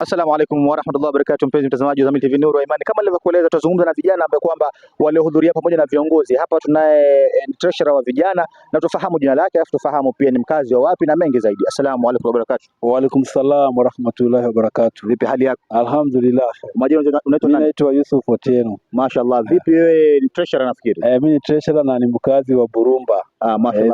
Asalamu alaykum warahmatullahi wabarakatuh, mpenzi mtazamaji wa Zamyl TV Nuru ya Imani, kama nilivyokueleza, tutazungumza na vijana ambao kwamba waliohudhuria pamoja na viongozi hapa. Tunaye eh, treasurer wa vijana na tufahamu jina lake, alafu tufahamu pia ni mkazi wa wapi na mengi zaidi. Asalamu alaykum wabarakatuh. Wa alaykum salam warahmatullahi wabarakatuh. Vipi hali yako? Alhamdulillah. Majina unaitwa nani? Naitwa Yusuf Otieno. Mashaallah. Vipi wewe ni treasurer nafikiri? Eh, mimi ni treasurer na ni mkazi wa Burumba Ah, eh,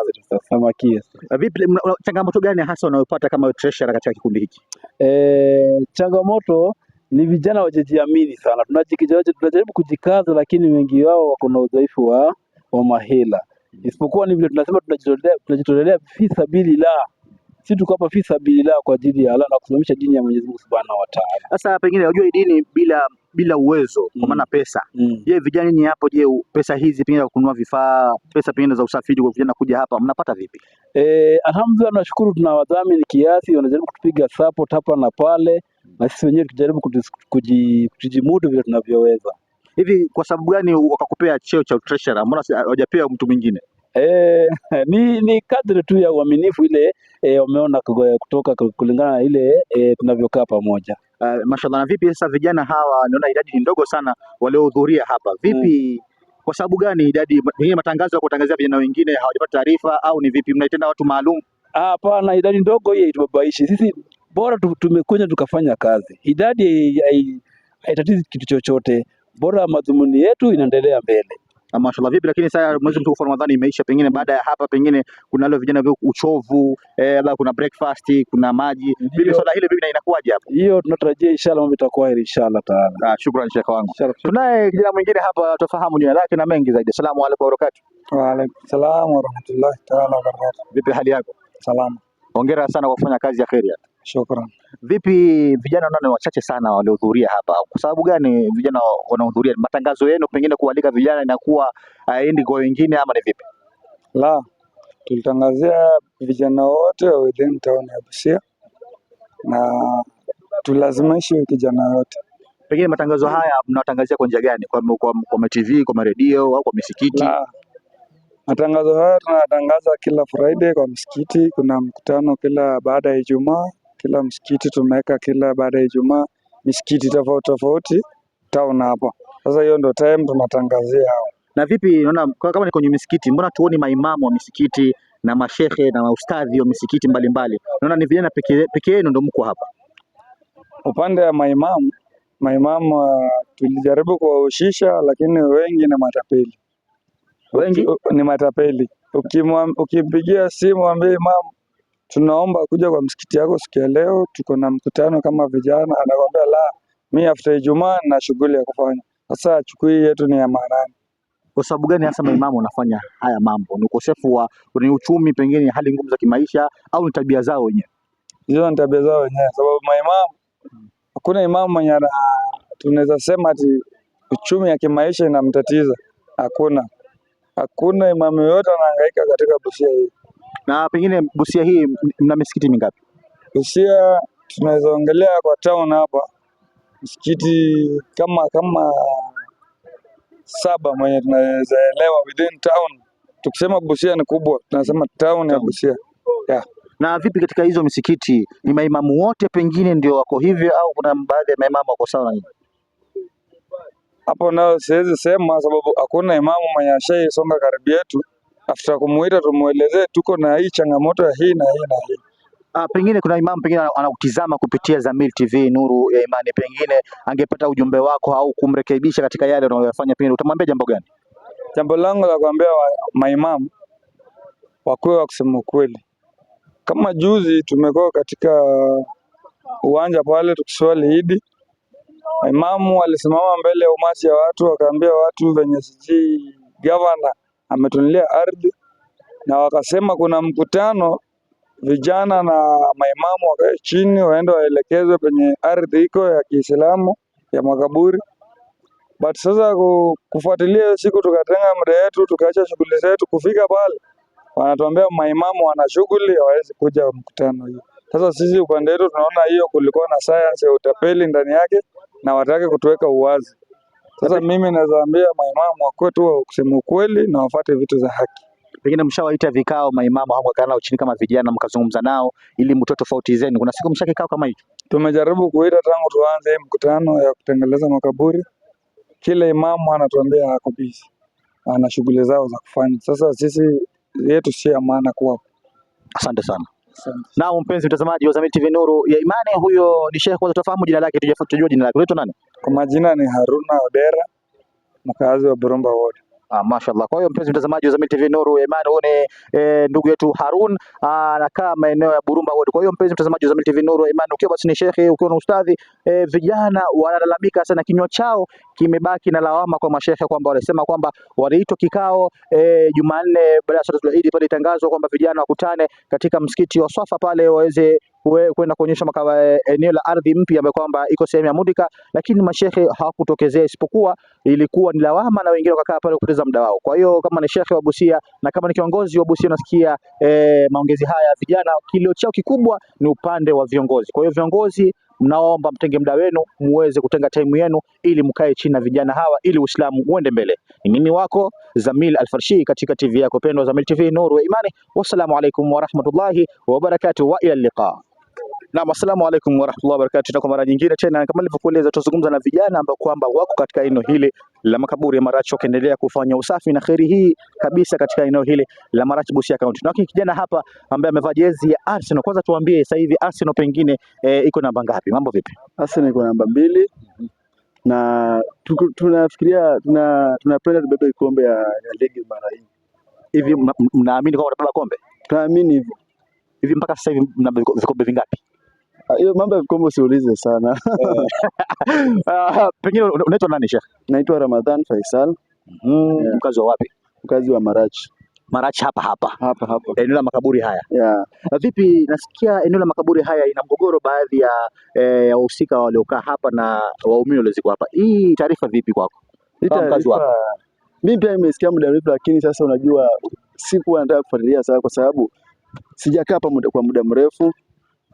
vipi, changamoto gani hasa unayopata kama treasurer katika kikundi hiki? Eh, changamoto ni vijana wajejiamini sana. Tunajaribu kujikaza, lakini wengi wao wako na udhaifu wa, wa mahela, isipokuwa ni vile tunasema tunajitolelea fi la si tuko hapa fi la kwa ajili ya Allah na kusimamisha dini ya Mwenyezi Mungu Subhanahu wa Ta'ala. Sasa pengine unajua dini bila bila uwezo mm. kwa maana pesa mm. Je, vijana ni hapo, je, pesa hizi pengine za kununua vifaa, pesa pengine za usafiri kwa vijana kuja hapa mnapata vipi? Eh, alhamdulillah, tuna wadhamini kiasi, wanajaribu kutupiga support hapa na pale mm. na sisi wenyewe tukijaribu kujimudu vile tunavyoweza. Hivi kwa sababu gani wakakupea cheo cha treasurer, mbona hawajapewa mtu mwingine? E, ni, ni kadri tu ya uaminifu ile e, wameona kutoka kulingana na ile e, tunavyokaa pamoja. Uh, mashallah. Na vipi sasa vijana hawa, naona idadi ni ndogo sana waliohudhuria hapa, vipi mm. Kwa sababu gani idadi? Pengine matangazo ya kutangazia vijana wengine hawajapata taarifa, au ni vipi? Mnaitenda watu maalum? Hapana, idadi ndogo hii itubabaishi sisi, bora tumekuja tukafanya kazi. Idadi haitatizi kitu chochote, bora madhumuni yetu inaendelea mbele na ah, mashallah vipi. Lakini sasa mwezi mtukufu wa Ramadhani imeisha, pengine baada ya hapa pengine kuna leo vijana vya uchovu eh, kuna breakfast, kuna maji vipi, swala hili vipi na inakuwaje hapo? Hiyo tunatarajia inshallah mambo itakuwa heri inshallah taala. Ah, shukrani shekha wangu. Tunaye kijana mwingine hapa, tufahamu jina lake na mengi zaidi. Asalamu alaykum wa barakatuh. Wa alaykum salaam wa rahmatullahi taala wa barakatuh. Vipi hali yako? Salama. Hongera sana kwa kufanya kazi ya kheri hapa. Shukran. Vipi, vijana naona ni wachache sana waliohudhuria hapa, kwa sababu gani vijana wanahudhuria? Matangazo yenu pengine kualika vijana inakuwa haendi uh, kwa wengine, ama ni vipi? La, tulitangazia vijana wote wa within town ya Busia na tulazimishi kijana wote. Pengine matangazo haya mnawatangazia kwa njia gani? Kwa, kwa, kwa TV, kwa maredio au kwa misikiti? La. Matangazo haya tunatangaza kila Friday kwa msikiti. Kuna mkutano kila baada ya Ijumaa kila msikiti tumeweka kila baada ya Ijumaa misikiti tofauti tofauti town hapa. Sasa hiyo ndio time tunatangazia hao. Na vipi, unaona kama ni kwenye misikiti, mbona tuoni maimamu wa misikiti na mashehe na maustadhi wa misikiti mbalimbali? Unaona ni vijana peke yenu ndio mko hapa. Upande wa maimamu, maimamu ah, tulijaribu kuwahusisha, lakini wengi ni matapeli, wengi ni matapeli. Ukimpigia simu ambaye imamu tunaomba kuja kwa msikiti yako siku ya leo, tuko na mkutano kama vijana. Anakwambia la, mi after Ijumaa na shughuli ya kufanya. Sasa chukui yetu ni ya maanani. Kwa sababu gani hasa maimamu wanafanya haya mambo? Ni ukosefu wa ni uchumi, pengine hali ngumu za kimaisha, au ni tabia zao wenyewe? Hizo ni tabia zao wenyewe, sababu maimamu hakuna imamu mwenye tunaweza sema ati uchumi ya kimaisha inamtatiza. Hakuna, hakuna imamu yoyote anahangaika katika Busia hii. Na pengine Busia hii mna misikiti mingapi? Busia tunaweza ongelea kwa town hapa msikiti kama kama saba mwenye tunaweza elewa within town. Tukisema Busia ni kubwa, tunasema town ya Busia yeah. Na vipi katika hizo misikiti, ni maimamu wote pengine ndio wako hivyo au kuna baadhi ya maimamu wako sawa? Na hapo nao siwezi sema, sababu hakuna imamu mwenye ashaisonga karibu yetu after kumuita tumwelezee tuko na hii changamoto ya hii na hii na hii. Ah, pengine kuna Imam pengine anautizama kupitia Zamyl TV Nuru ya Imani, pengine angepata ujumbe wako au kumrekebisha katika yale unayoyafanya, pengine utamwambia jambo gani? Jambo langu la kuambia maimamu wakuwe wa kusema ukweli. Kama juzi tumekuwa katika uwanja pale tukiswali Idi, maimamu walisimama mbele ya umati ya watu wakaambia watu venye sijui gavana ametunulia ardhi, na wakasema kuna mkutano, vijana na maimamu wakae chini, waende waelekezwe penye ardhi iko ya Kiislamu ya makaburi. But sasa kufuatilia hiyo siku, tukatenga muda wetu, tukaacha shughuli zetu. Kufika pale, wanatuambia maimamu wana shughuli, hawawezi kuja mkutano hiyo. Sasa sisi upande wetu tunaona hiyo kulikuwa na science ya utapeli ndani yake, na watake kutuweka uwazi. Sasa mimi naweza ambia maimamu wa kwetu wa kusema ukweli na wafate vitu za haki. Pengine mshawaita vikao maimamu hapo kana nao chini kama vijana mkazungumza nao ili mtoe tofauti zenu. Kuna siku mshakikao kama hicho? Tumejaribu kuita tangu tuanze mkutano ya kutengeleza makaburi. Kila imamu anatuambia ako busy. Ana shughuli zao za kufanya. Sasa sisi yetu si ya maana kwa. Asante sana. Na mpenzi mtazamaji wa Zamyl TV Nuru ya Imani, huyo ni Sheikh. Kwanza tufahamu jina lake, tujue jina lake. Unaitwa nani? Kwa majina ni Haruna Odera, mkazi wa Burumba Ward. Ah, mashallah. Kwa hiyo mpenzi mtazamaji wa Zamyl TV Nuru Iman, huyu ni e, ndugu yetu Harun ah, anakaa maeneo ya Burumba Ward. Kwa hiyo mpenzi mtazamaji wa Zamyl TV Nuru Iman, ukiwa basi ni shekhe, ukiwa na ustadhi e, vijana wanalalamika sana, kinywa chao kimebaki na lawama kwa mashehe kwamba walisema kwamba waliitwa kikao e, Jumanne baada ya swala ya Eid pale itangazwa kwamba vijana wakutane katika msikiti wa Swafa pale waweze kwenda kuonyesha makawa eh, eneo la ardhi mpya ambayo kwamba iko sehemu ya Mudika, lakini mashehe hawakutokezea, isipokuwa ilikuwa ni lawama na wengine wakakaa pale kupoteza muda wao. Kwa hiyo kama ni shehe wa Busia na kama ni kiongozi wa Busia, unasikia e, eh, maongezi haya vijana, kilio chao kikubwa ni upande wa viongozi. Kwa hiyo viongozi mnaomba mtenge muda wenu muweze kutenga taimu yenu ili mkae chini na vijana hawa ili Uislamu uende mbele. Ni mimi wako Zamil Alfarshi katika TV yako pendwa Zamil TV, nuru ya imani. Wassalamu alaikum warahmatullahi wabarakatuh wa ila liqa. Na asalamu alaykum alaikum warahmatullahi wabarakatuh. Na kwa mara nyingine tena kama nilivyokueleza, tuzungumza na vijana ambao kwamba wako katika eneo hili la makaburi ya Marachi wakiendelea kufanya usafi na kheri hii kabisa katika eneo hili la Marachi Busia County. Na kijana hapa ambaye amevaa jezi ya Arsenal, kwanza tuambie sasa hivi Arsenal pengine e, iko namba ngapi? Mambo vipi? Arsenal iko namba mbili na tunafikiria tuna tunapenda tuna tubebe kombe ya, ya ligi mara hii. Hivi mnaamini kwamba mtabeba kombe? Tunaamini hivyo. Hivi mpaka sasa hivi mna vikombe vingapi? Ah, hiyo mambo ya mkombo siulize sana. Uh, pengine unaitwa nani Sheikh? Naitwa Ramadhan Faisal. Mm, yeah. Mkazi wa wapi? Mkazi wa Marachi. Marachi hapa hapa. Hapa hapa. Eneo la makaburi haya. Yeah. Na vipi nasikia eneo la makaburi haya ina mgogoro baadhi ya eh, ya wahusika waliokaa hapa na waumini waliozikwa hapa. Hii taarifa vipi kwako? Hii taarifa mimi pia nimesikia muda mrefu, lakini sasa unajua sikuwa nataka kufuatilia sana kwa sababu sijakaa hapa kwa muda mrefu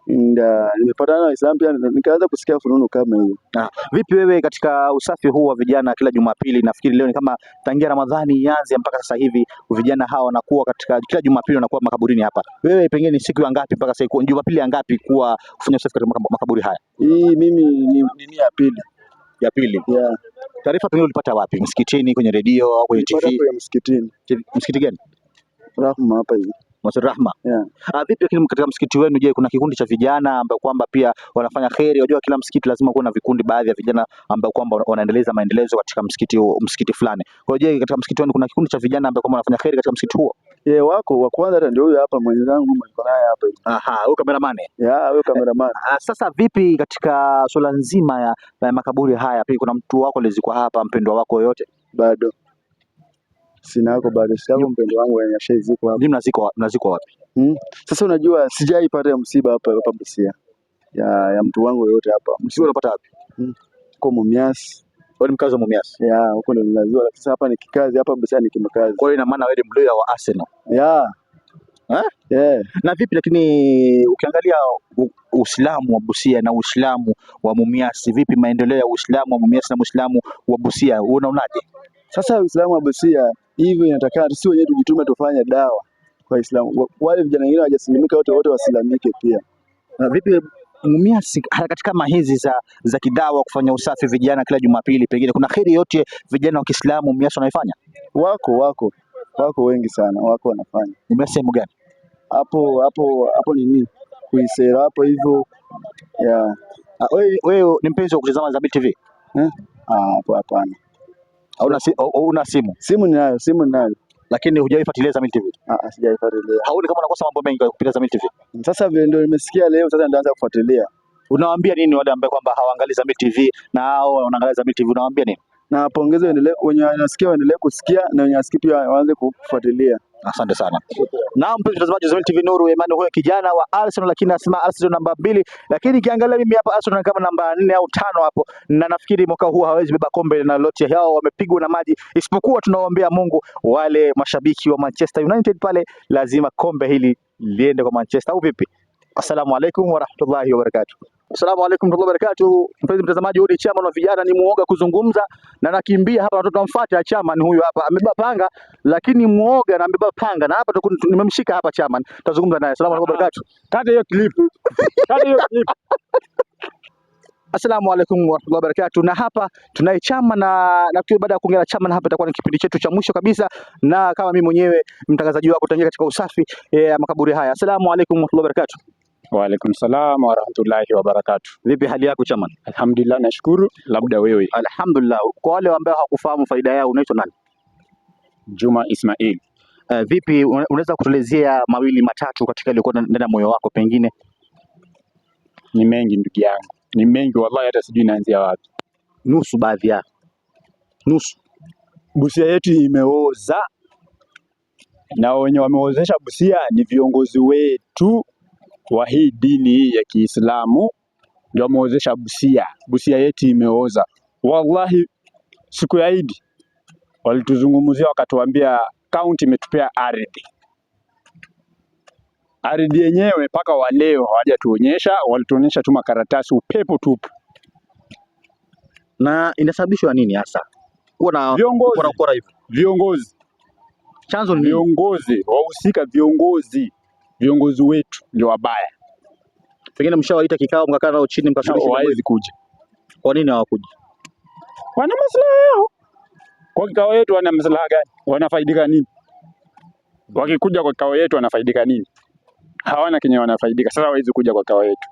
nilipatana na Islam pia nikaanza kusikia fununu kama hiyo. Ah, vipi wewe katika usafi huu wa vijana kila Jumapili, nafikiri leo ni kama tangia Ramadhani ianze mpaka sasa hivi vijana hawa wanakuwa katika kila Jumapili wanakuwa makaburini hapa. Wewe pengine ni siku ya ngapi mpaka sasa hivi Jumapili ya ngapi kuwa kufanya usafi katika makaburi haya? Hii mimi ni, ni ya pili. Ya pili. Yeah. Taarifa pengine ulipata wapi? Msikitini, kwenye redio au kwenye TV? Msikitini. Msikiti gani? Rahma hapa hivi. Mwasiri Rahma. Yeah. Uh, vipi lakini katika msikiti wenu je, kuna kikundi cha vijana ambao kwamba pia wanafanya kheri? Wajua kila msikiti lazima kuwe na vikundi baadhi ya vijana ambao kwamba wanaendeleza maendelezo katika msikiti huo, msikiti fulani. Kwa hiyo je, katika msikiti wenu kuna kikundi cha vijana ambao kwamba wanafanya kheri katika msikiti huo? Ye, eh, wako wa kwanza hata ndio huyo hapa mwenzangu niko naye hapa. Aha, huyo cameraman. Ya, huyo cameraman. Uh, sasa vipi katika swala nzima ya, ya makaburi haya pia kuna mtu wako alizikwa hapa mpendwa wako yote? Bado. Sina yako bado, sina yako mpendo wangu ziko hapo. Mimi naziko naziko wapi? Hmm? Sasa unajua sijai pata ya msiba hapa hapa Busia. Ya ya mtu wangu yote hapa. Msiba unapata wapi? Hmm. Kwa Mumias. Wewe ni mkazi wa Mumias. Ya, huko ndo nilazua lakini hapa ni kikazi, hapa Busia ni kimkazi. Kwa hiyo ina maana wewe ni mloya wa Arsenal. Ya. Ha? Yeah. Na vipi lakini ukiangalia Uislamu wa Busia na Uislamu wa Mumias vipi maendeleo ya Uislamu wa Mumias na Uislamu wa Busia unaonaje? Sasa Uislamu wa Busia Hivyo inatakana sisi wenyewe tujitume tufanye dawa kwa Uislamu. Wale vijana wengine hawajasilimika wote wote wasilamike pia. Na vipi eh, mumia harakati kama hizi za za kidawa kufanya usafi vijana kila Jumapili, pengine kuna heri yote vijana wa Kiislamu mmias wanaifanya? Wako wako wako wengi sana, wako wanafanya. Mumia sehemu gani hapo hapo hapo nini kuisera hapo hivyo ya ah, wewe, ni mpenzi wa kutazama Zabil TV? Eh, ah, hapo hapana. Hauna si, una simu? Simu ninayo, simu ninayo. Lakini hujaifuatilia Zamyl TV? Ah, ah sijaifuatilia. Hauni kama unakosa mambo mengi kupitia Zamyl TV? Sasa vile ndio nimesikia leo, sasa nitaanza kufuatilia. Unawaambia nini wale ambao kwamba hawaangalii Zamyl TV na hao wanaangalia Zamyl TV, unawaambia nini? na pongeze waendelee, wenye wanasikia waendelee kusikia na wenye wasikii pia waanze kufuatilia. Asante sana. Naam, mpenzi mtazamaji wa TV Nuru, Emmanuel huyo kijana wa Arsenal, lakini anasema Arsenal namba mbili, lakini kiangalia mimi hapa Arsenal kama namba nne au tano hapo, na nafikiri mwaka huu hawezi beba kombe na lolote. Hao wamepigwa na maji, isipokuwa tunawaombea Mungu wale mashabiki wa Manchester United pale, lazima kombe hili liende kwa Manchester, au vipi? Asalamu alaykum wa rahmatullahi wa barakatuh. Asalamu alaykum warahmatullahi wabarakatuh. Mpenzi mtazamaji, huyu ni chairman wa vijana, ni muoga kuzungumza na nakimbia hapa, watoto wamfuate. Chama ni huyu hapa amebeba panga, lakini muoga na amebeba panga, na hapa nimemshika hapa Chama tutazungumza naye. Asalamu alaykum wabarakatuh. Ah, kata hiyo clip, kata hiyo clip. Asalamu alaykum warahmatullahi wabarakatuh. Na hapa tunaye chama na na nafikiri baada ya kuongea na chama, na hapa itakuwa ni kipindi chetu cha mwisho kabisa, na kama mimi mwenyewe mtangazaji wako tutaingia katika usafi eh, ya eh, makaburi haya. Asalamu alaykum warahmatullahi wabarakatuh. Wa alaikum salam wa rahmatullahi wa Vipi hali yako chama Alhamdulillah, nashukuru. Labda wewe? Alhamdulillah. Kwa wale ambao hawakufahamu faida yao, unaitwa nani? Juma Ismail. Uh, vipi unaweza kutuelezea mawili matatu katika yaliyokuwa ndani ya moyo wako? Pengine ni mengi ndugu yangu, ni mengi wallahi, hata sijui naanzia wapi. Nusu baadhi ya nusu. Busia yetu imeoza na wenye wameozesha Busia ni viongozi wetu wa hii dini ya Kiislamu ndio amewezesha Busia, Busia yetu imeoza. Wallahi, siku ya Idi walituzungumzia wakatuambia, kaunti imetupea ardhi. Ardhi yenyewe mpaka wa leo hawajatuonyesha, walituonyesha tu makaratasi, upepo tupu. Na inasababishwa nini hasa? Kuna viongozi, viongozi chanzo ni viongozi, wahusika viongozi viongozi wetu ndio wabaya. Pengine mshawaita kikao mkakaa nao chini mkashauri hawawezi kuja. Kwa nini hawakuja? Wana maslaha yao. Kwa kikao yetu wana maslaha gani? Wanafaidika nini? Wakikuja kwa kikao yetu wanafaidika nini? Hawana kenye wanafaidika. Sasa hawawezi kuja kwa kikao yetu.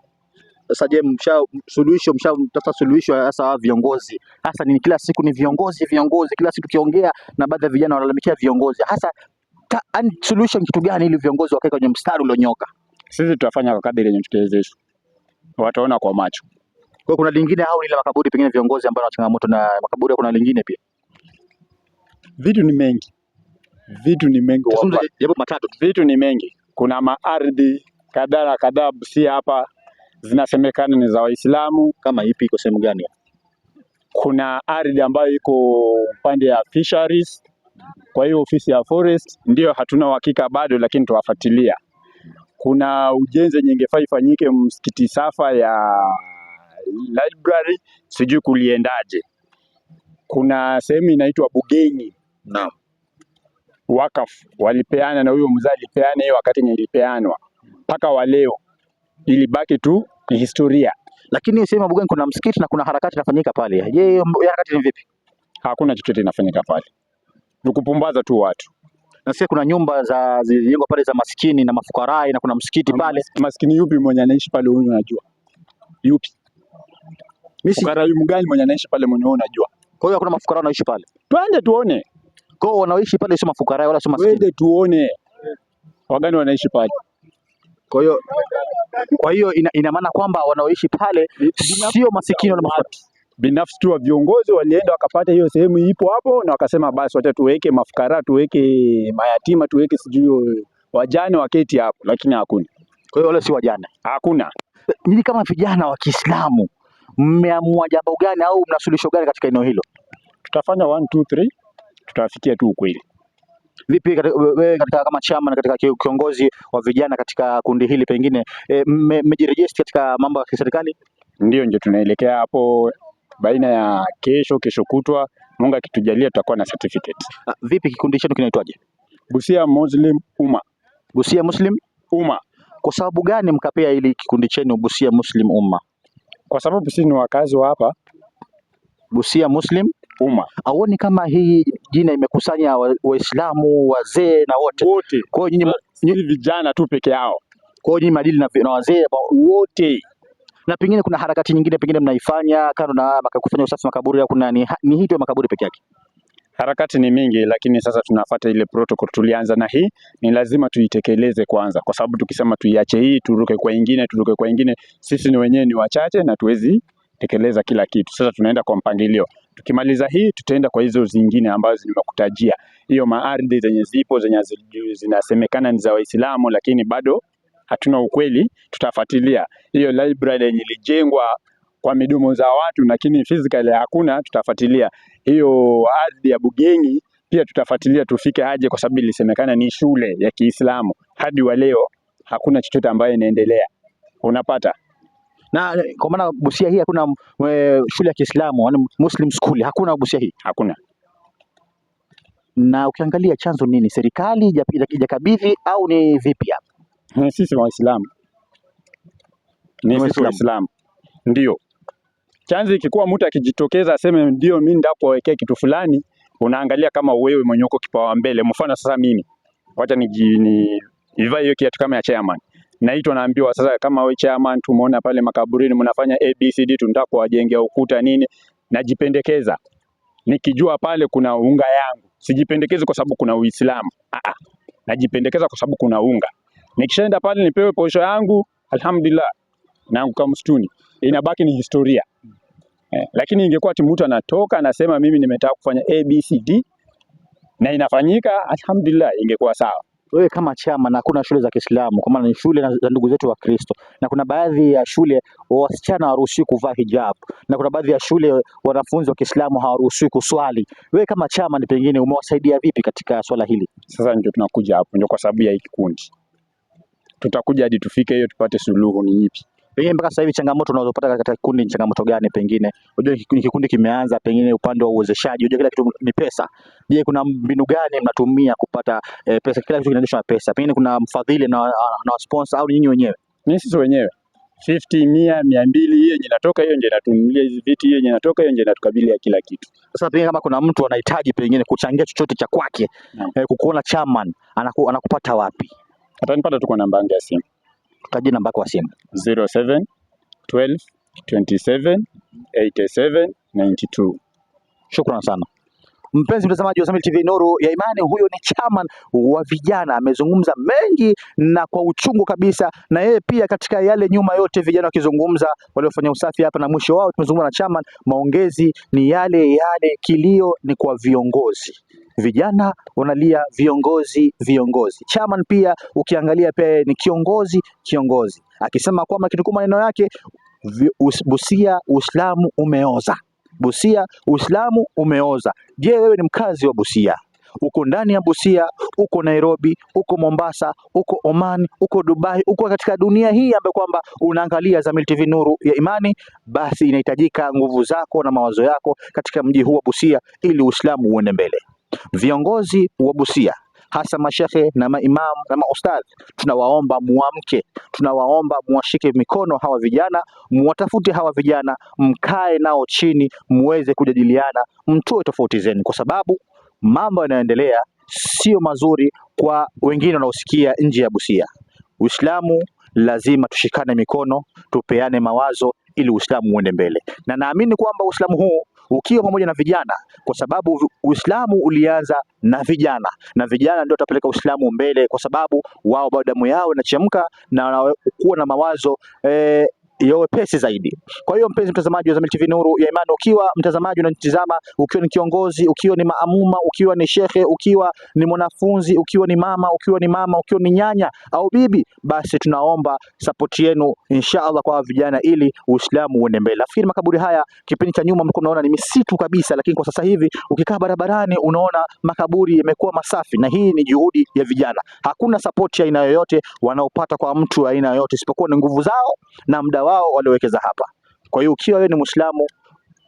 Sasa je, msha suluhisho mshatafuta suluhisho hasa wa viongozi hasa ni kila siku ni viongozi viongozi, kila siku tukiongea na baadhi ya vijana wanalalamikia viongozi hasa solution kitu gani ili viongozi wakae kwenye mstari ulionyoka? Sisi tutafanya kwa kadri yenye tutawezesha, wataona kwa macho. Kwa kuna lingine au ile makaburi, pengine viongozi ambao wana changamoto na makaburi, kuna lingine pia. Vitu ni mengi, vitu ni mengi, japo matatu, vitu ni mengi. Kuna maardhi kadhaa na kadhaa si hapa zinasemekana ni za Waislamu. Kama ipi, iko sehemu gani? Kuna ardhi ambayo iko upande ya fisheries kwa hiyo ofisi ya forest ndio hatuna uhakika bado, lakini tuwafuatilia. Kuna ujenzi wenye ingefaa ifanyike msikiti safa ya library, sijui kuliendaje. Kuna sehemu inaitwa Bugeni, na wakaf walipeana na huyo mzee alipeana hiyo, wakati nilipeanwa, ilipeanwa mpaka wa leo ilibaki tu ni historia. Lakini sehemu ya Bugeni kuna msikiti na kuna harakati inafanyika pale. Je, hiyo harakati ni vipi? Hakuna chochote inafanyika pale ni kupumbaza tu watu. Nasikia kuna nyumba za zilizojengwa pale za maskini na mafukarai na kuna msikiti pale. Maskini yupi mwenye anaishi pale huyu unajua? Yupi? Mimi fukarai mgani mwenye anaishi pale mwenye wewe unajua? Kwa hiyo hakuna mafukarai wanaishi pale. Twende tuone. Kwa hiyo wanaishi pale sio mafukarai wala sio maskini. Twende tuone. Wagani wanaishi pale. Kwa hiyo kwa hiyo ina, ina maana kwamba wanaoishi pale sio masikini wala mafukarai binafsi tu wa viongozi walienda wakapata hiyo sehemu ipo hapo, na wakasema basi, wacha tuweke mafukara, tuweke mayatima, tuweke sijui wajane waketi hapo, lakini hakuna. Kwa hiyo wala si wajane, hakuna. Nyinyi kama vijana wa Kiislamu mmeamua jambo gani au mna suluhisho gani katika eneo hilo? Tutafanya 1 2 3 tutafikia tu ukweli. Vipi wewe katika kama chama na katika kiongozi wa vijana katika kundi hili, pengine eh, mmejiregister katika mambo ya kiserikali? Ndio, nje tunaelekea hapo baina ya kesho kesho kutwa, Mungu akitujalia tutakuwa na certificate. Ah, vipi kikundi chenu kinaitwaje? Busia Muslim Umma. Busia Muslim Umma. Kwa sababu gani mkapea ili kikundi chenu Busia Muslim Umma? Kwa sababu sisi ni wakazi wa hapa Busia Muslim Umma. Auoni kama hii jina imekusanya Waislamu wa wazee na wote wote? Kwa hiyo nyinyi vijana tu peke yao? Kwa hiyo nyinyi madili na, na wazee wote na pengine kuna harakati nyingine pengine mnaifanya kando na kufanya usafi makaburi au kuna ni, ni hii tu makaburi peke yake? Harakati ni mingi, lakini sasa tunafuata ile protocol. Tulianza na hii, ni lazima tuitekeleze kwanza, kwa sababu tukisema tuiache hii turuke kwa ingine, turuke kwa ingine, sisi ni wenyewe ni wachache na tuwezi tekeleza kila kitu. Sasa tunaenda kwa mpangilio, tukimaliza hii tutaenda kwa hizo zingine ambazo zimekutajia hiyo maardhi zenye zipo zenye zinasemekana ni za Waislamu, lakini bado hatuna ukweli, tutafuatilia hiyo library yenye ilijengwa kwa midomo za watu, lakini physically hakuna, tutafuatilia hiyo ardhi ya Bugengi pia tutafuatilia tufike aje, kwa sababu ilisemekana ni shule ya Kiislamu. Hadi wa leo hakuna chochote ambayo inaendelea, unapata na kwa maana Busia hii hakuna we, eh, shule ya Kiislamu, yani Muslim school hakuna Busia hii hakuna. Na ukiangalia chanzo nini, serikali ijakabidhi au ni vipi hapa? Eh, sisi Waislamu ni sisi Waislamu, ndio chanzi. Ikikuwa mtu akijitokeza aseme ndio mimi ndakuwekea kitu fulani, unaangalia kama wewe mwenye uko kipawa mbele. Mfano sasa mimi wacha nivae hiyo kiatu kama ya chairman, naitwa naambiwa, sasa kama wewe chairman, tumeona pale makaburini mnafanya ABCD, tunataka kuwajengea ukuta nini. Najipendekeza nikijua pale kuna unga yangu, sijipendekezi kwa sababu kuna Uislamu. ah Ah, najipendekeza kwa sababu kuna unga Nikishaenda pale nipewe posho yangu, alhamdulillah, naanguka msituni, inabaki ni historia eh. Lakini ingekuwa ati mtu anatoka anasema mimi nimetaka kufanya ABCD na inafanyika, alhamdulillah, ingekuwa sawa. Wewe kama chama na kuna shule za Kiislamu kwa maana ni shule za ndugu zetu wa Kristo, na kuna baadhi ya shule wasichana hawaruhusiwi kuvaa hijab, na kuna baadhi ya shule wanafunzi wa Kiislamu hawaruhusiwi kuswali. Wewe kama chama ni pengine umewasaidia vipi katika swala hili? Sasa ndio tunakuja hapo, ndio kwa sababu ya hii kikundi tutakuja hadi tufike hiyo tupate suluhu ni ipi. Pengine mpaka sasa hivi changamoto unazopata katika kikundi ni changamoto gani? Pengine unajua ni kikundi kimeanza, pengine upande wa uwezeshaji, unajua kila kitu ni pesa. Je, kuna mbinu gani mnatumia kupata eh, pesa? Kila kitu kinaendeshwa na pesa, pengine kuna mfadhili na, na sponsor au nyinyi wenyewe? Ni sisi wenyewe 50 mia mia mbili, hiyo yenye inatoka hiyo ndio inatumilia hizi viti, hiyo yenye inatoka hiyo ndio inatukabilia kila kitu. Sasa pengine kama kuna mtu anahitaji pengine kuchangia chochote cha kwake, eh, kukuona chairman anaku, anakupata wapi? Atanipata tu kwa namba yangu ya simu. Tutaje namba yako ya simu. 07 12 27 87 92. Shukrani sana. Mpenzi mtazamaji wa Samil TV, Nuru ya Imani, huyo ni chairman wa vijana, amezungumza mengi na kwa uchungu kabisa, na yeye pia katika yale nyuma yote vijana wakizungumza, waliofanya usafi hapa na mwisho wao tumezungumza na chairman, maongezi ni yale yale, kilio ni kwa viongozi vijana wanalia viongozi viongozi. Chairman pia ukiangalia pia ni kiongozi kiongozi, akisema kwamba kitukuu maneno yake Busia Uislamu umeoza. Busia Uislamu umeoza. Je, wewe ni mkazi wa Busia? Uko ndani ya Busia, uko Nairobi, uko Mombasa, uko Oman, uko Dubai, uko katika dunia hii ambayo kwamba unaangalia Zamyl TV Nuru ya Imani, basi inahitajika nguvu zako na mawazo yako katika mji huu wa Busia ili Uislamu uende mbele. Viongozi wa Busia hasa mashehe na maimamu na maustadhi, tunawaomba muamke, tunawaomba muwashike mikono hawa vijana, muwatafute hawa vijana, mkae nao chini, muweze kujadiliana, mtoe tofauti zenu, kwa sababu mambo yanayoendelea sio mazuri kwa wengine wanaosikia nje ya Busia. Uislamu lazima tushikane mikono, tupeane mawazo ili Uislamu uende mbele, na naamini kwamba Uislamu huu ukiwa pamoja na vijana, kwa sababu Uislamu ulianza na vijana, na vijana ndio watapeleka Uislamu mbele, kwa sababu wao bado damu yao inachemka na wanakuwa na mawazo eh, wepesi zaidi. Kwa hiyo mpenzi mtazamaji wa Zamyl TV Nuru ya Imani, ukiwa mtazamaji unanitazama, ukiwa ni kiongozi, ukiwa ni maamuma, ukiwa ni shekhe, ukiwa ni mwanafunzi, ukiwa ni mama, ukiwa ni mama, ukiwa ni nyanya au bibi, basi tunaomba sapoti yenu inshaallah kwa vijana, ili Uislamu uende mbele. Nafikiri makaburi haya kipindi cha nyuma mlikuwa mnaona ni misitu kabisa, lakini kwa sasa hivi ukikaa barabarani unaona makaburi yamekuwa masafi, na hii ni juhudi ya vijana. Hakuna sapoti aina yoyote wanaopata kwa mtu aina yoyote, isipokuwa ni nguvu zao na muda wao waliowekeza hapa. Kwa hiyo ukiwa wewe ni Muislamu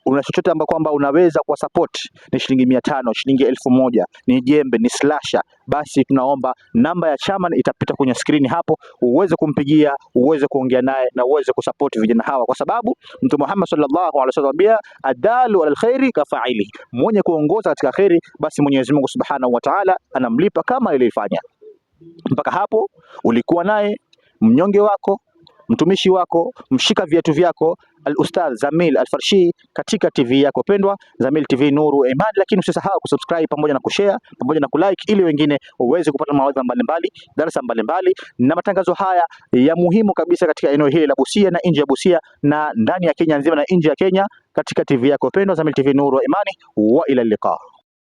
una chochote amba kwamba unaweza kuwa support ni shilingi mia tano, shilingi elfu moja, ni jembe, ni slasha, basi tunaomba namba ya chairman itapita kwenye skrini hapo, uweze kumpigia, uweze kuongea naye na uweze kusupport vijana hawa, kwa sababu Mtume Muhammad sallallahu alaihi wasallam anambia adalu alal khairi kafaili, mwenye kuongoza katika khairi, basi Mwenyezi Mungu Subhanahu wa Ta'ala anamlipa kama ilifanya. Mpaka hapo ulikuwa naye mnyonge wako mtumishi wako mshika viatu vyako Al-Ustadh Zamil Al-Farshi katika TV yako pendwa Zamil TV Nuru Iman, lakini usisahau kusubscribe pamoja na kushare pamoja na kulike ili wengine waweze kupata mawaidha mbalimbali, darasa mbalimbali na matangazo haya ya muhimu kabisa katika eneo hili la Busia na nje ya Busia na ndani ya Kenya nzima na nje ya Kenya katika TV yako pendwa Zamil TV Nuru Imani wa ila liqa.